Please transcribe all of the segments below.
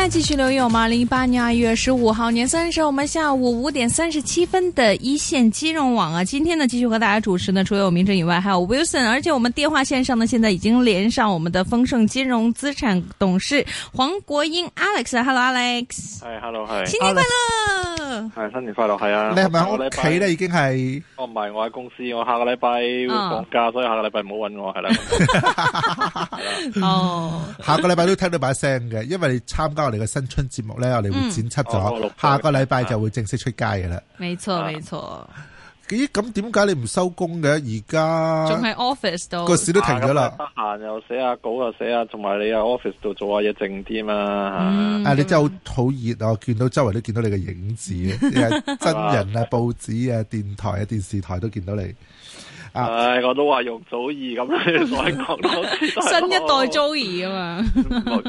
再繼續留意我們二零一八年二月十五號年三十，我們下午五點三十七分的一線金融網啊。今天呢，繼續和大家主持呢，除了我名正以外，還有 Wilson，而且我們電話線上呢，現在已經連上我們的豐盛金融資產董事黃國英 Alex。Hello，Alex，Hello，係，hey, hello, hey, 新年快樂，係新年快樂，係、hey, 啊。你係咪喺屋企呢已經係？哦，唔係，我喺公司，我下個禮拜會放假，所以下個禮拜唔好搵我，係啦、啊。哦 ，oh. 下個禮拜都聽到把聲嘅，因為你參加。我哋嘅新春節目咧，我哋會剪輯咗、嗯哦，下個禮拜就會正式出街嘅啦。沒錯，沒、啊、錯。咦，咁點解你唔收工嘅？而家仲喺 office 度，個市都停咗啦。得閒又寫下稿啊，寫下，同埋你喺 office 度做下嘢靜啲嘛。啊，你真係、嗯、好熱啊！我見到周圍都見到你嘅影子， 真人啊，報紙啊，電台啊，電視台都見到你。唉、哎，我都話容祖兒咁，所以講到新一代祖兒啊嘛，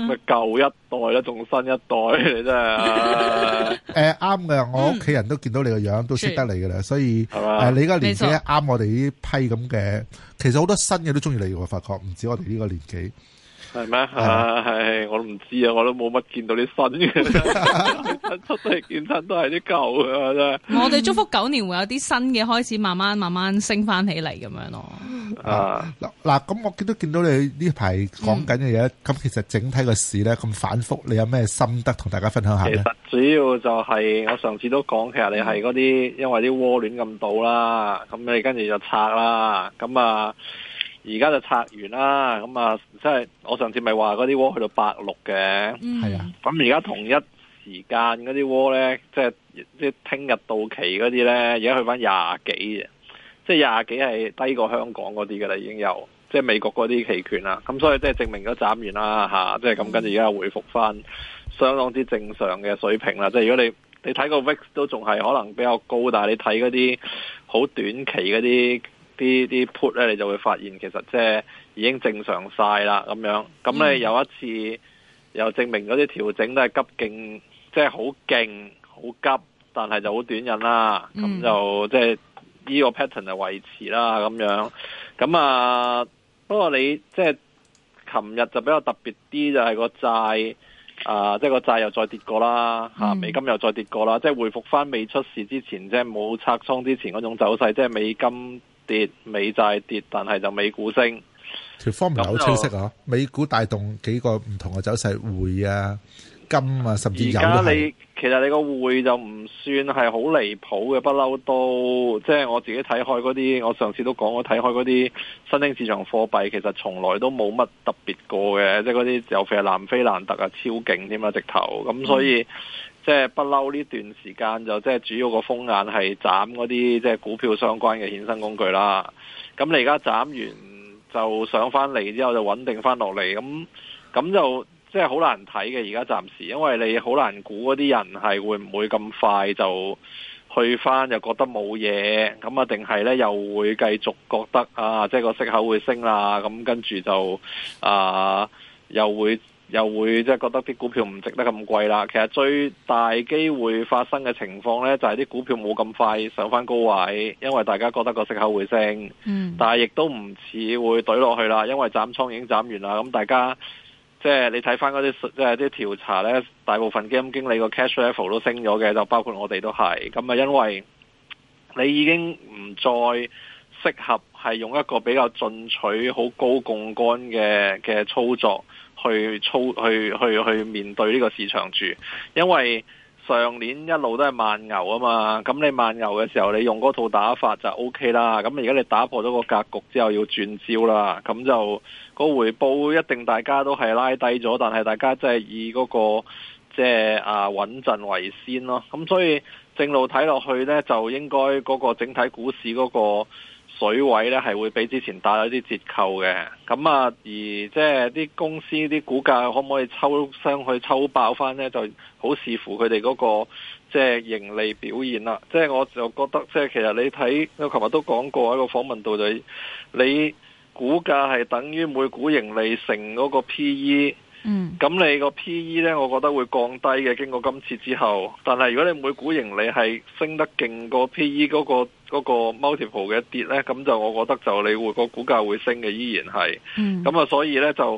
咪舊一代啦，仲新一代，你真係、啊 欸。誒，啱嘅，我屋企人都見到你個樣、嗯，都識得你噶啦，所以、呃、你而家年紀啱我哋呢批咁嘅，其實好多新嘅都鍾意你，我發覺唔止我哋呢個年紀。係咩？係係、啊，我都唔知啊！我都冇乜見到啲新嘅， 出嚟見親都係啲舊嘅真係。我哋祝福九年會有啲新嘅開始，慢慢慢慢升翻起嚟咁樣咯。啊嗱嗱，咁、啊、我都見到你呢排講緊嘅嘢，咁、嗯、其實整體個市咧咁反復，你有咩心得同大家分享下？其實主要就係我上次都講，其實你係嗰啲因為啲窩亂咁倒啦，咁你跟住就拆啦，咁啊。而家就拆完啦，咁啊，即係我上次咪話嗰啲窩去到八六嘅，係啊，咁而家同一時間嗰啲窩咧，即係即係聽日到期嗰啲咧，而家去翻廿幾嘅，即係廿幾係低過香港嗰啲噶啦，已經有，即係美國嗰啲期權啦，咁所以即係證明咗斬完啦吓，即係咁跟住而家又回復翻相當之正常嘅水平啦，即係如果你你睇個 VIX 都仲係可能比較高，但係你睇嗰啲好短期嗰啲。啲啲 put 咧，你就會發現其實即係已經正常曬啦咁樣。咁咧、嗯、有一次又證明嗰啲調整都係急勁，即係好勁、好急，但係就好短癮啦。咁、嗯、就即係呢個 pattern 就維持啦咁樣。咁啊，不過你即係琴日就比較特別啲、啊，就係個債啊，即係個債又再跌過啦、嗯啊，美金又再跌過啦，即係回復翻未出事之前即係冇拆倉之前嗰種走勢，即係美金。跌，美債跌，但係就美股升，條方唔係好清晰啊，美股帶動幾個唔同嘅走勢，匯啊、金啊、甚至而家你其實你個匯就唔算係好離譜嘅，不嬲都即係、就是、我自己睇開嗰啲。我上次都講，我睇開嗰啲新興市場貨幣，其實從來都冇乜特別過嘅，即係嗰啲尤其係南非蘭特啊，超勁添嘛，直頭咁，所以。嗯即係不嬲呢段時間就即係主要個風眼係斬嗰啲即係股票相關嘅衍生工具啦。咁你而家斬完就上翻嚟之後就穩定翻落嚟，咁咁就即係好難睇嘅。而家暫時，因為你好難估嗰啲人係會唔會咁快就去翻，又覺得冇嘢咁啊？定係呢？又會繼續覺得啊，即係個息口會升啦？咁跟住就啊又會。又會即係覺得啲股票唔值得咁貴啦。其實最大機會發生嘅情況呢，就係、是、啲股票冇咁快上返高位，因為大家覺得個息口會升。嗯、但係亦都唔似會懟落去啦，因為斬倉已經斬完啦。咁大家即係、就是、你睇翻睇返嗰啲即係啲調查呢，大部分基金經理個 cash level 都升咗嘅，就包括我哋都係。咁啊，因為你已經唔再適合係用一個比較進取、好高槓桿嘅嘅操作。去操，去去去面對呢個市場住，因為上年一路都係慢牛啊嘛，咁你慢牛嘅時候，你用嗰套打法就 OK 啦。咁而家你打破咗個格局之後，要轉招啦，咁就個回報一定大家都係拉低咗，但係大家即係以嗰個即係啊穩陣為先咯。咁所以正路睇落去呢，就應該嗰個整體股市嗰個水位咧係會比之前打咗啲折扣嘅，咁啊，而即係啲公司啲股價可唔可以抽升去抽爆翻呢？就好視乎佢哋嗰個即係盈利表現啦。即係我就覺得，即係其實你睇，我琴日都講過喺個訪問度度，你股價係等於每股盈利乘嗰個 P E。嗯。咁你個 P E 呢，我覺得會降低嘅，經過今次之後。但係如果你每股盈利係升得勁過 P E 嗰個，嗰、那個 multiple 嘅跌咧，咁就我覺得就你會、那個股價會升嘅，依然係。咁、嗯、啊，就所以咧就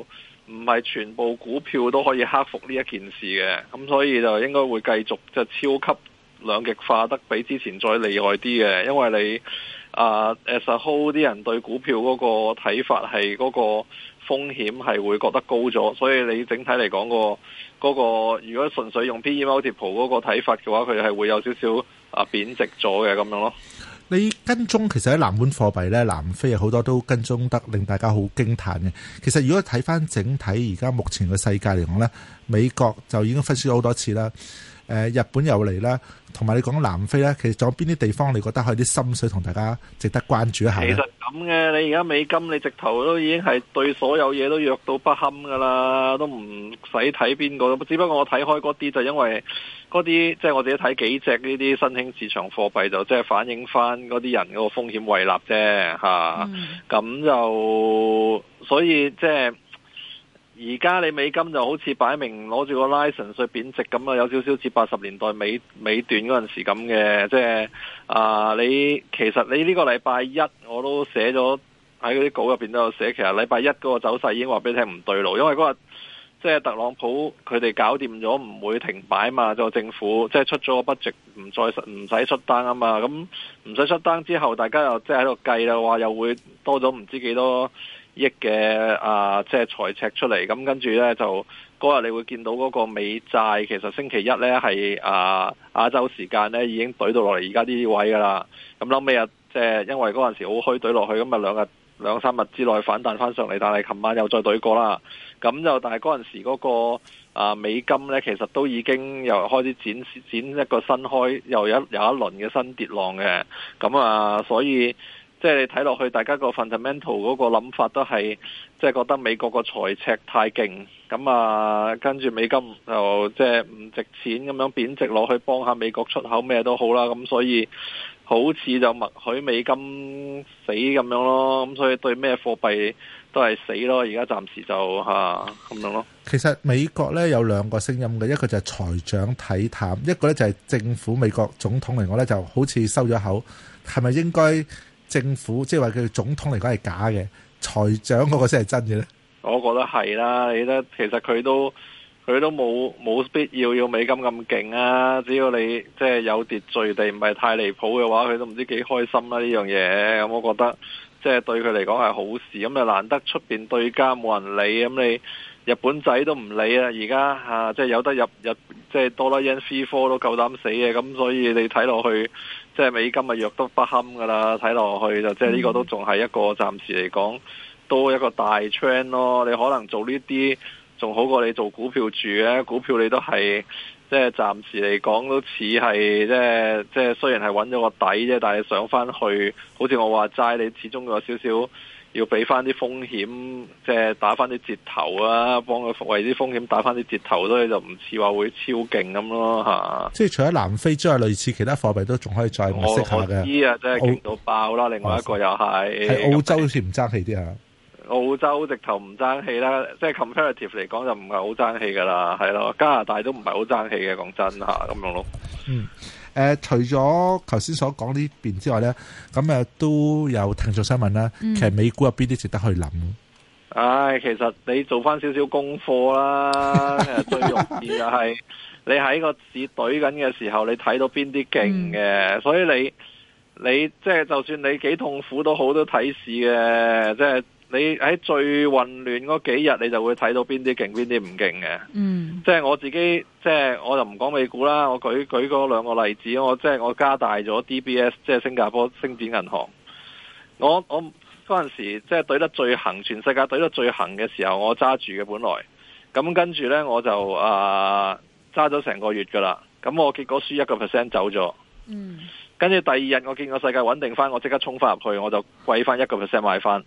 唔係全部股票都可以克服呢一件事嘅。咁所以就應該會繼續就超級兩極化得比之前再厲害啲嘅。因為你啊、uh，as a whole 啲人對股票嗰個睇法係嗰個風險係會覺得高咗，所以你整體嚟講個嗰個，那個、如果純粹用 PE multiple 嗰個睇法嘅話，佢係會有少少啊貶值咗嘅咁樣咯。你跟蹤其實喺南半貨幣咧，南非啊好多都跟蹤得令大家好驚嘆嘅。其實如果睇翻整體而家目前嘅世界嚟講咧，美國就已經分析咗好多次啦。誒，日本又嚟啦，同埋你講南非咧，其實仲有邊啲地方你覺得有啲心水同大家值得關注一下咧？其實咁嘅，你而家美金你直頭都已經係對所有嘢都弱到不堪噶啦，都唔使睇邊個。只不過我睇開嗰啲就因為嗰啲，即係我自己睇幾隻呢啲新興市場貨幣就即係反映翻嗰啲人嗰個風險位立啫，吓、嗯啊。咁就所以即係。而家你美金就好似擺明攞住個 license 去貶值咁啊，有少少似八十年代尾，尾段嗰陣時咁嘅，即係啊，你其實你呢個禮拜一我都寫咗喺嗰啲稿入面都有寫，其實禮拜一嗰個走勢已經話俾你聽唔對路，因為嗰日即係特朗普佢哋搞掂咗唔會停擺嘛，就政府即係出咗個 budget，不值，唔再唔使出單啊嘛，咁唔使出單之後，大家又即係喺度計啦，話又會多咗唔知幾多。億嘅啊，即、就、係、是、財赤出嚟，咁、嗯、跟住呢，就嗰日你會見到嗰個美債，其實星期一呢，係啊亞洲時間呢已經懟到落嚟，而家呢啲位㗎喇，咁後尾啊即係因為嗰陣時好虛懟落去，咁啊兩日兩三日之內反彈返上嚟，但係琴晚又再懟過啦，咁、嗯、就但係嗰陣時嗰、那個啊美金呢，其實都已經又開始展展一個新開又有又一,一輪嘅新跌浪嘅，咁、嗯、啊所以。即係你睇落去，大家 fundamental 個 fundamental 嗰個諗法都係，即係覺得美國個財赤太勁，咁啊跟住美金就即係唔值錢，咁樣貶值落去幫下美國出口咩都好啦，咁所以好似就默許美金死咁樣咯，咁所以對咩貨幣都係死咯。而家暫時就嚇咁、啊、樣咯。其實美國呢有兩個聲音嘅，一個就係財長睇淡，一個呢就係政府美國總統嚟講呢，就好似收咗口，係咪應該？政府即係話佢總統嚟講係假嘅，財長嗰個先係真嘅咧。我覺得係啦，你得其實佢都佢都冇冇必要要美金咁勁啊！只要你即係有秩序地唔係太離譜嘅話，佢都唔知幾開心啦、啊、呢樣嘢。咁、嗯、我覺得即係對佢嚟講係好事。咁又難得出邊對家冇人理，咁、嗯、你日本仔都唔理現在啊！而家嚇即係有得入入，即係多啦 A 夢科都夠膽死嘅。咁所以你睇落去。即係美金咪弱得不堪噶啦，睇落去就即係呢個都仲係一個暫時嚟講，都一個大 trend 咯。你可能做呢啲仲好過你做股票住咧，股票你都係即係暫時嚟講都似係即係即係雖然係揾咗個底啫，但係上翻去，好似我話齋，你始終有少少。要俾翻啲風險，即係打翻啲折頭啊！幫佢為啲風險打翻啲折頭，所以就唔似話會超勁咁咯嚇。即係除咗南非之外，類似其他貨幣都仲可以再唔蝕下嘅。我，我知啊，真係勁到爆啦！另外一個又係、啊、澳洲好似唔爭氣啲啊。澳洲直頭唔爭氣啦，即係 comparative 嚟講就唔係好爭氣噶啦，係咯。加拿大都唔係好爭氣嘅，講真嚇咁樣咯。嗯。誒、呃，除咗頭先所講呢邊之外咧，咁、呃、誒都有聽眾想問啦。其實美股有邊啲值得去諗？唉、哎，其實你做翻少少功課啦。 最容易就係你喺個市懟緊嘅時候，你睇到邊啲勁嘅、嗯。所以你你即係、就是、就算你幾痛苦都好，都睇市嘅。即、就、係、是。你喺最混亂嗰幾日，你就會睇到邊啲勁，邊啲唔勁嘅。嗯，即係我自己，即係我就唔講美股啦。我舉舉個兩個例子，我即係我加大咗 D B S，即係新加坡星展銀行。我我嗰陣時，即係懟得最行，全世界懟得最行嘅時候，我揸住嘅本來，咁跟住呢，我就啊揸咗成個月噶啦。咁我結果輸一個 percent 走咗。嗯，跟住第二日我見個世界穩定翻，我即刻衝返入去，我就貴翻一個 percent 買返。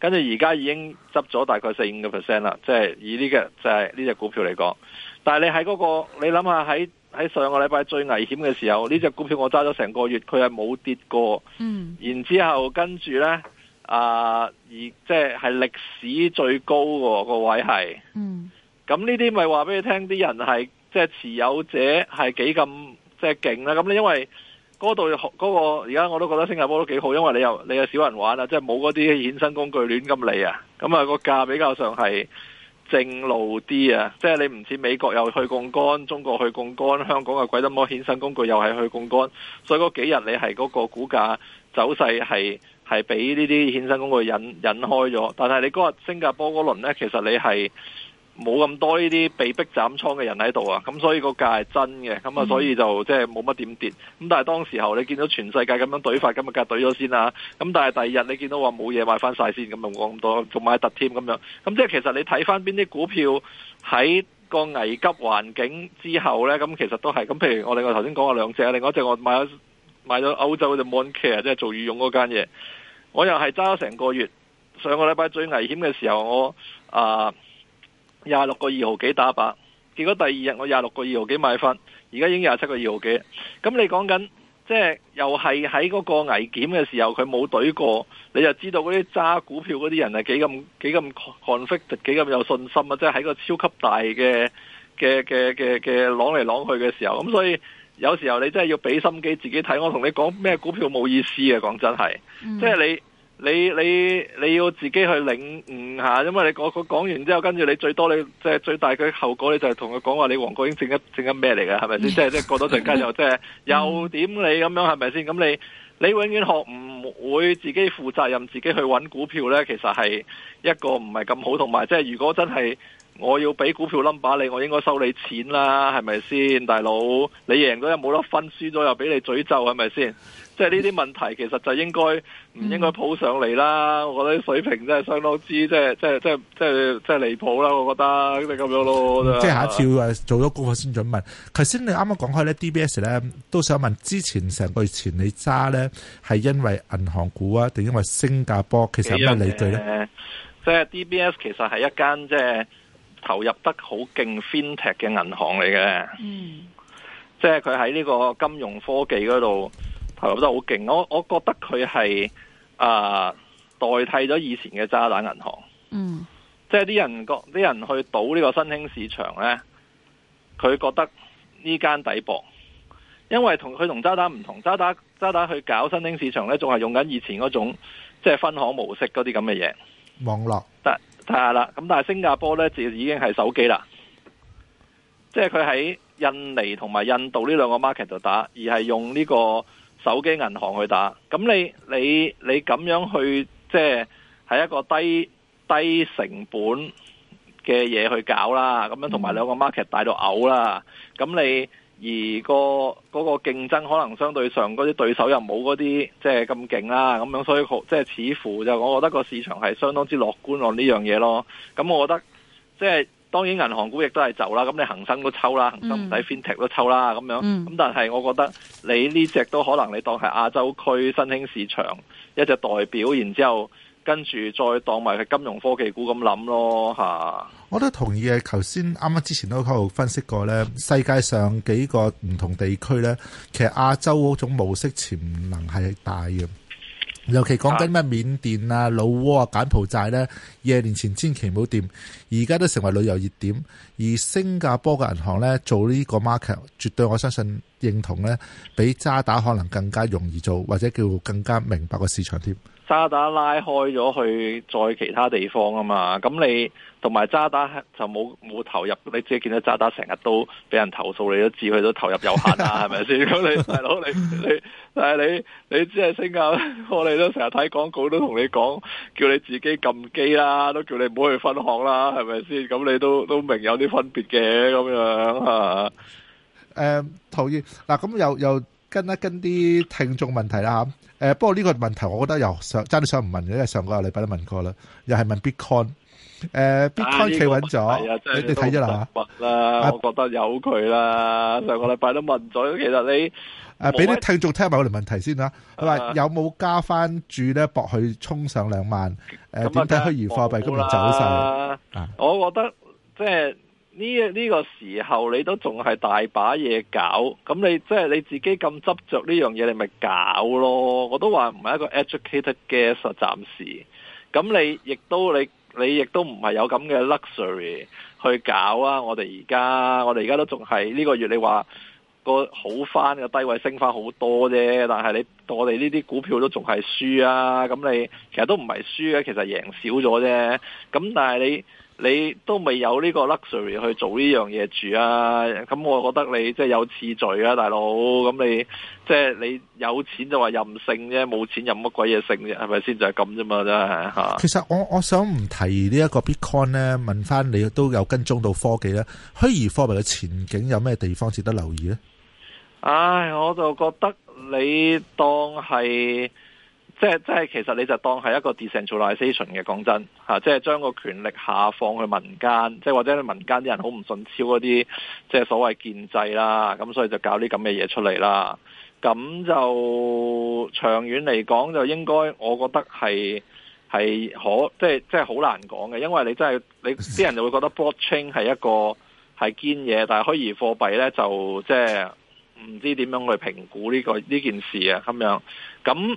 跟住而家已經執咗大概四五個 percent 啦，即係以呢個即係呢隻股票嚟講。但係你喺嗰個，你諗下喺喺上個禮拜最危險嘅時候，呢隻股票我揸咗成個月，佢係冇跌過。嗯。然之後跟住呢，啊、呃，而即係歷史最高個個位係。嗯。咁呢啲咪話俾你聽，啲人係即係持有者係幾咁即係勁咧？咁你因為。嗰度嗰個而家、那個、我都覺得新加坡都幾好，因為你又你又少人玩啊，即係冇嗰啲衍生工具亂咁嚟啊，咁、那、啊個價比較上係正路啲啊，即係你唔似美國又去槓桿，中國去槓桿，香港嘅鬼得麼衍生工具又係去槓桿，所以嗰幾日你係嗰個股價走勢係係俾呢啲衍生工具引引開咗，但係你嗰日新加坡嗰輪呢，其實你係。冇咁多呢啲被逼斬倉嘅人喺度啊，咁所以個價係真嘅，咁啊所以就即係冇乜點跌。咁、嗯、但係當時候你見到全世界咁樣對法，咁啊梗對咗先啦。咁但係第二日你見到話冇嘢買翻曬先，咁啊冇講咁多，仲買特添咁樣。咁即係其實你睇翻邊啲股票喺個危急環境之後呢，咁其實都係。咁譬如我另外頭先講過兩隻，另外一隻我買咗買咗歐洲嘅 Moncler，即係做羽絨嗰間嘢。我又係揸咗成個月，上個禮拜最危險嘅時候我，我啊～廿六個二毫幾打百，結果第二日我廿六個二毫幾買翻，而家已經廿七個二毫幾。咁你講緊，即係又係喺嗰個危險嘅時候，佢冇懟過，你就知道嗰啲揸股票嗰啲人係幾咁幾咁 confident，幾咁有信心啊！即係喺個超級大嘅嘅嘅嘅嘅朗嚟朗去嘅時候，咁所以有時候你真係要俾心機自己睇。我同你講咩股票冇意思啊！講真係，即係你。嗯你你你要自己去領悟下，因為你個講講完之後，跟住你最多你即係最大嘅後果，你就係同佢講話你黃國英整 一整緊咩嚟㗎，係咪先？即係即係過多陣間又即係又點你咁樣係咪先？咁你你永遠學唔會自己負責任，自己去揾股票呢，其實係一個唔係咁好，同埋即係如果真係我要俾股票 number 你，我應該收你錢啦，係咪先，大佬？你贏咗又冇得分，輸咗又俾你詛咒，係咪先？即係呢啲問題，其實就應該唔應該抱上嚟啦，嗯？我覺得水平真係相當之，即係即係即係即係即係離譜啦！我覺得咁樣咯，即係下一次做咗功課先準問。頭先你啱啱講開咧，D B S 咧都想問之前成個月前你揸咧係因為銀行股啊，定因為新加坡？其實有咩理據咧？即係 D B S 其實係一間即係投入得好勁、FinTech 嘅銀行嚟嘅。嗯，即係佢喺呢個金融科技嗰度。係我得好勁，我我覺得佢係啊代替咗以前嘅渣打銀行。嗯，即係啲人個啲人去賭呢個新興市場咧，佢覺得呢間抵博，因為同佢同渣打唔同，渣打渣打去搞新興市場咧，仲係用緊以前嗰種即係分行模式嗰啲咁嘅嘢。網絡，但睇下啦，咁但係新加坡咧就已經係手機啦，即係佢喺印尼同埋印度呢兩個 market 度打，而係用呢個。手機銀行去打，咁你你你咁樣去，即係係一個低低成本嘅嘢去搞啦。咁樣同埋兩個 market 大到嘔啦。咁你而個嗰個競爭可能相對上嗰啲對手又冇嗰啲即係咁勁啦。咁樣所以好即係似乎就我覺得個市場係相當之樂觀咯呢樣嘢咯。咁我覺得即係。當然銀行股亦都係走啦，咁你恒生，抽啦，恒生、嗯、都抽啦，恒生唔使 Fintech 都抽啦，咁樣咁。但係我覺得你呢隻都可能你當係亞洲區新興市場一隻代表，然後之後跟住再當埋係金融科技股咁諗咯吓。我都同意啊。頭先啱啱之前都喺度分析過咧，世界上幾個唔同地區咧，其實亞洲嗰種模式潛能係大嘅。尤其講緊咩緬甸啊、老撾啊、柬埔寨咧，廿年前千祈唔好掂，而家都成為旅遊熱點。而新加坡嘅銀行咧做呢個 market，絕對我相信認同咧，比渣打可能更加容易做，或者叫更加明白個市場添。渣打拉開咗去再其他地方啊嘛，咁你同埋渣打就冇冇投入，你只係見到渣打成日都俾人投訴，你都知佢都投入有限啦，係咪先？咁你大佬你你但係你你只係升價，我哋都成日睇廣告都同你講，叫你自己撳機啦，都叫你唔好去分行啦，係咪先？咁你都都明有啲分別嘅咁樣啊？誒、嗯，同意嗱，咁、啊、又又。又跟一跟啲聽眾問題啦，呃，不過呢個問題我覺得又想真係想唔問嘅，因為上個禮拜都問過啦，又係問 Bitcoin，Bitcoin 企、呃 Bitcoin 啊這個、穩咗，你睇咗啦吓，我覺得有佢啦，上個禮拜都問咗，其實你誒俾啲聽眾聽埋我哋問題先啦，佢、啊、咪有冇加翻注咧博去衝上兩萬？誒點睇虛擬貨幣今日走晒、啊？我覺得即係。呢、這、呢個時候你都仲係大把嘢搞，咁你即係、就是、你自己咁執着呢樣嘢，你咪搞咯。我都話唔係一個 educated guess 咯，暫時，咁你亦都你你亦都唔係有咁嘅 luxury 去搞啊。我哋而家我哋而家都仲係呢個月你，你話個好翻嘅低位升翻好多啫，但係你我哋呢啲股票都仲係輸啊。咁你其實都唔係輸嘅，其實贏少咗啫。咁但係你。你都未有呢個 luxury 去做呢樣嘢住啊！咁我覺得你即係有次序啊，大佬。咁你即係你有錢就話任性啫，冇錢任乜鬼嘢性啫，係咪先就係咁啫嘛？真係嚇。其實我我想唔提呢一個 bitcoin 咧，問翻你都有跟蹤到科技咧，虛擬貨幣嘅前景有咩地方值得留意咧？唉，我就覺得你當係。即係即係，其實你就當係一個 decentralization 嘅，講真、啊、即係將個權力下放去民間，即係或者民間啲人好唔順超嗰啲，即係所謂建制啦，咁所以就搞啲咁嘅嘢出嚟啦。咁就長遠嚟講，就應該我覺得係係可，即係即係好難講嘅，因為你真係你啲人就會覺得 blockchain 係一個係堅嘢，但係虛擬貨幣咧就即係唔知點樣去評估呢、呢個呢件事啊咁樣咁。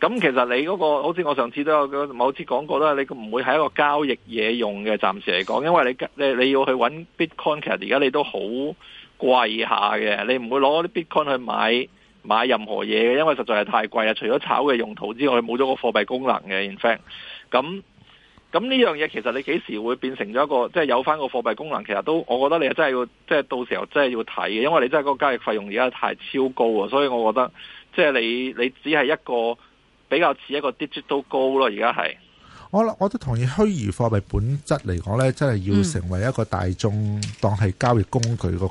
咁其實你嗰個，好似我上次都有某次講過啦，你唔會係一個交易嘢用嘅，暫時嚟講，因為你你你要去揾 Bitcoin 其實而家你都好貴下嘅，你唔會攞啲 Bitcoin 去買買任何嘢嘅，因為實在係太貴啊！除咗炒嘅用途之外，冇咗個貨幣功能嘅。In fact，咁咁呢樣嘢其實你幾時會變成咗一個，即係有翻個貨幣功能，其實都我覺得你真係要，即係到時候真係要睇嘅，因為你真係個交易費用而家太超高啊！所以我覺得即係你你只係一個。比較似一個 digital 高咯，而家係我我都同意虛擬貨幣本質嚟講咧，真係要成為一個大眾當係交易工具，個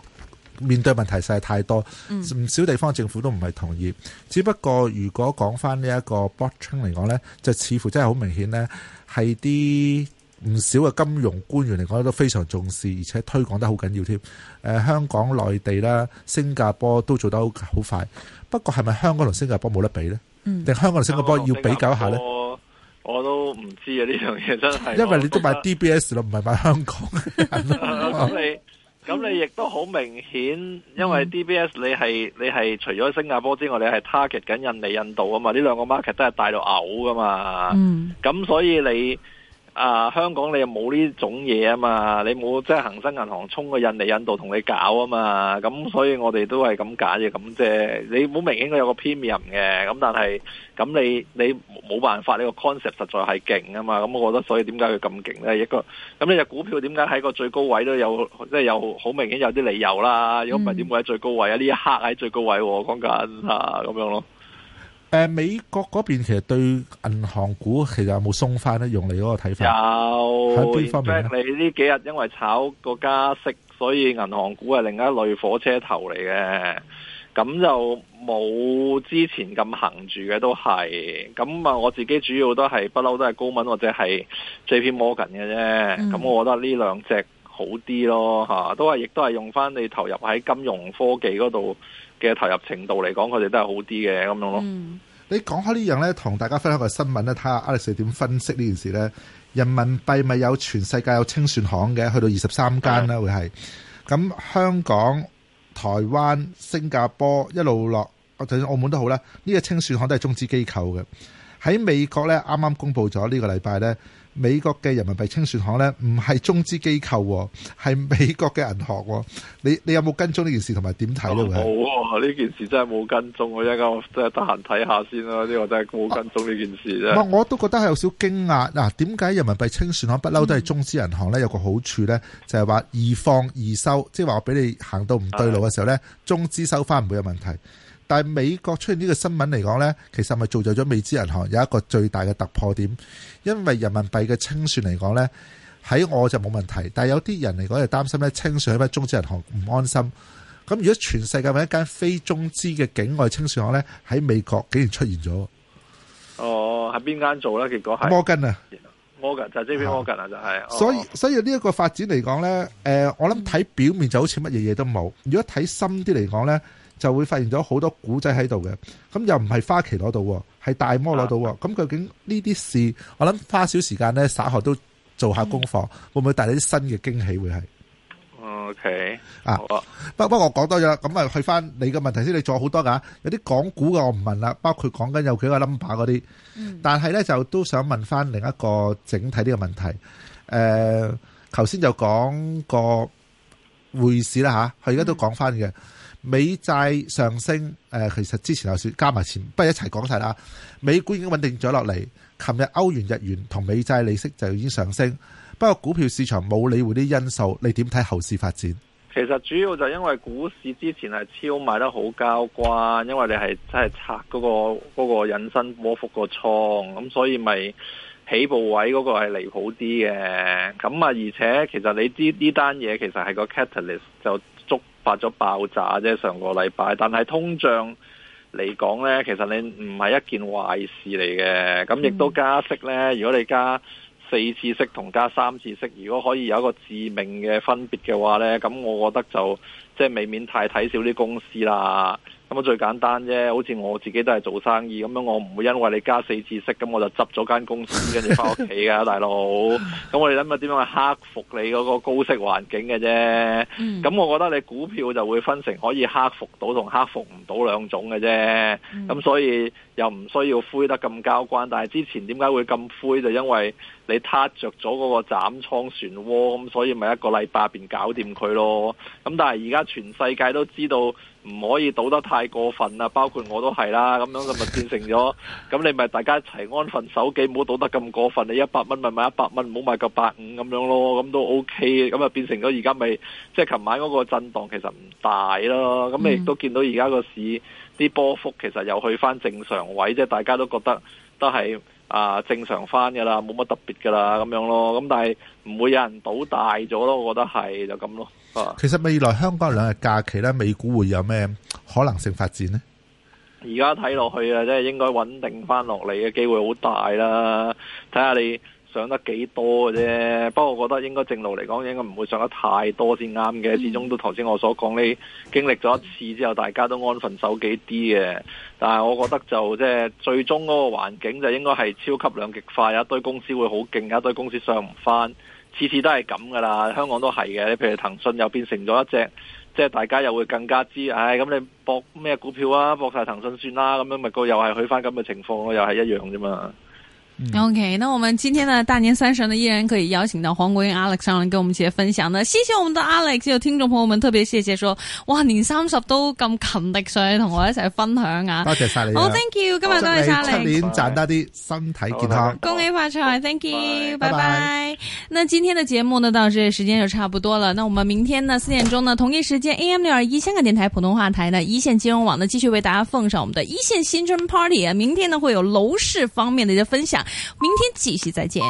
面對問題實係太多，唔少地方政府都唔係同意。只不過如果講翻呢一個 blockchain 嚟講咧，就似乎真係好明顯咧，係啲唔少嘅金融官員嚟講都非常重視，而且推廣得好緊要添。誒、呃，香港、內地啦、新加坡都做得好快，不過係咪香港同新加坡冇得比咧？定香港同新加坡要比較下咧，我都唔知啊！呢樣嘢真係，因為你都買 D B S 咯，唔 係買香港。咁 你咁你亦都好明顯，因為 D B S 你係你係除咗新加坡之外，你係 target 緊印尼、印度啊嘛，呢兩個 market 都係大到嘔噶嘛。咁、嗯、所以你。啊！香港你又冇呢種嘢啊嘛，你冇即係恒生銀行衝個印尼印度同你搞啊嘛，咁所以我哋都係咁解嘅，咁啫，你好明顯佢有個 Premium 嘅，咁但係咁你你冇辦法你個 concept 實在係勁啊嘛，咁我覺得所以點解佢咁勁呢？一個咁你隻股票點解喺個最高位都有即係、就是、有好明顯有啲理由啦，如果唔係點會喺最、嗯、最高位啊？呢一刻喺最高位喎，講、嗯、緊啊咁樣咯。誒，美國嗰邊其實對銀行股其實有冇鬆翻咧？用你嗰個睇法，有，喺邊方面咧？你呢幾日因為炒個加息，所以銀行股係另一類火車頭嚟嘅，咁就冇之前咁行住嘅都係。咁啊，我自己主要都係不嬲都係高敏或者係 J P Morgan 嘅啫。咁、嗯、我覺得呢兩隻好啲咯，吓都係亦都係用翻你投入喺金融科技嗰度嘅投入程度嚟講，佢哋都係好啲嘅，咁樣咯。嗯、你講開呢樣呢，同大家分享個新聞呢，睇下 Alex 點分析呢件事呢？人民幣咪有全世界有清算行嘅，去到二十三間啦，會係咁香港、台灣、新加坡一路落，就算澳門都好啦。呢個清算行都係中資機構嘅。喺美國呢，啱啱公布咗呢個禮拜呢。美國嘅人民幣清算行咧，唔係中資機構，係美國嘅銀行。你你有冇跟蹤呢件事，同埋點睇咧？冇啊，哦，呢件事真係冇跟蹤，我而家我真係得閒睇下先啦。呢個真係冇跟蹤呢件事啫。唔，啊，我都覺得係有少驚訝。嗱，啊，點解人民幣清算行不嬲都係中資銀行咧？嗯，有個好處咧，就係話易放易收，即係話我俾你行到唔對路嘅時候咧，中資收翻唔會有問題。但係美國出現呢個新聞嚟講呢，其實咪造就咗美資銀行有一個最大嘅突破點，因為人民幣嘅清算嚟講呢，喺我就冇問題，但係有啲人嚟講就擔心咧，清算喺乜中資銀行唔安心。咁如果全世界有一間非中資嘅境外清算行呢，喺美國竟然出現咗，哦，喺邊間做呢？結果係摩根啊，摩根就係 J P 摩根啊，就係、是。所以、哦、所以呢一個發展嚟講呢，誒、呃，我諗睇表面就好似乜嘢嘢都冇，如果睇深啲嚟講呢。就會發現咗好多古仔喺度嘅，咁又唔係花旗攞到喎，係大摩攞到喎。咁、啊、究竟呢啲事，我諗花少時間咧，稍後都做下功課，嗯、會唔會帶啲新嘅驚喜？會係。O、okay, K 啊，啊，不不過我講多咗，咁啊去翻你嘅問題先。你做好多㗎，有啲講股嘅我唔問啦，包括他講緊有幾個 number 嗰啲。但係咧就都想問翻另一個整體呢個問題。誒、呃，頭先就講個匯市啦吓，佢而家都講翻嘅。嗯嗯美債上升，誒，其實之前有說加埋前，不如一齊講晒啦。美股已經穩定咗落嚟，琴日歐元、日元同美債利息就已經上升。不過股票市場冇理會啲因素，你點睇後市發展？其實主要就因為股市之前係超賣得好交關，因為你係真係拆嗰、嗰個、嗰個引申波幅個倉，咁所以咪起步位嗰個係離譜啲嘅。咁啊，而且其實你呢呢單嘢其實係個 catalyst 就。觸發咗爆炸啫，上個禮拜。但係通脹嚟講呢，其實你唔係一件壞事嚟嘅。咁亦都加息呢，如果你加四次息同加三次息，如果可以有一個致命嘅分別嘅話呢，咁我覺得就即係、就是、未免太睇小啲公司啦。咁最簡單啫，好似我自己都係做生意咁樣，我唔會因為你加四次息，咁我就執咗間公司跟住翻屋企噶，大佬。咁 我哋諗下點樣去克服你嗰個高息環境嘅啫？咁、嗯、我覺得你股票就會分成可以克服到同克服唔到兩種嘅啫。咁、嗯、所以又唔需要灰得咁交關，但係之前點解會咁灰就因為。你踏着咗嗰個斬倉漩渦，咁所以咪一個禮拜便搞掂佢咯。咁但係而家全世界都知道唔可以賭得太過分啦，包括我都係啦。咁樣咁咪變成咗，咁你咪大家一齊安分守己，唔好賭得咁過分。你一百蚊咪買一百蚊，唔好買夠百五咁樣咯。咁都 OK。咁啊變成咗而家咪即係琴晚嗰個震盪其實唔大咯。咁、嗯、你亦都見到而家個市啲波幅其實又去翻正常位，即係大家都覺得都係。啊，正常翻噶啦，冇乜特別噶啦，咁樣咯，咁但係唔會有人賭大咗咯，我覺得係就咁咯。啊，其實未來香港兩日假期咧，美股會有咩可能性發展呢？而家睇落去啊，即係應該穩定翻落嚟嘅機會好大啦，睇下你。上得幾多嘅啫？不過我覺得應該正路嚟講，應該唔會上得太多先啱嘅。始終都頭先我所講，你經歷咗一次之後，大家都安分守己啲嘅。但係我覺得就即係最終嗰個環境就應該係超級兩極化，有一堆公司會好勁，有一堆公司上唔翻。次次都係咁噶啦，香港都係嘅。你譬如騰訊又變成咗一隻，即係大家又會更加知，唉、哎、咁你博咩股票啊？博晒騰訊算啦，咁樣咪個又係去翻咁嘅情況咯，又係一樣啫嘛。OK，那我們今天呢大年三十呢依然可以邀請到黃國英 Alex 上來跟我們一起分享的，謝謝我們的 Alex，還有聽眾朋友們特別謝謝說哇年三十都咁勤力上嚟同我一齊分享啊，多謝晒你、啊，好、oh, Thank you，今日多謝晒你，今年賺多啲，身體健康，恭喜發財，Thank you，拜拜，拜拜。那今天的節目呢，到這時間就差不多了，那我們明天呢四點鐘呢同一時間 AM 六二一香港電台普通話台呢一線金融網呢繼續為大家奉上我們的一線新春 Party 啊，明天呢會有樓市方面的一些分享。明天繼續，再見。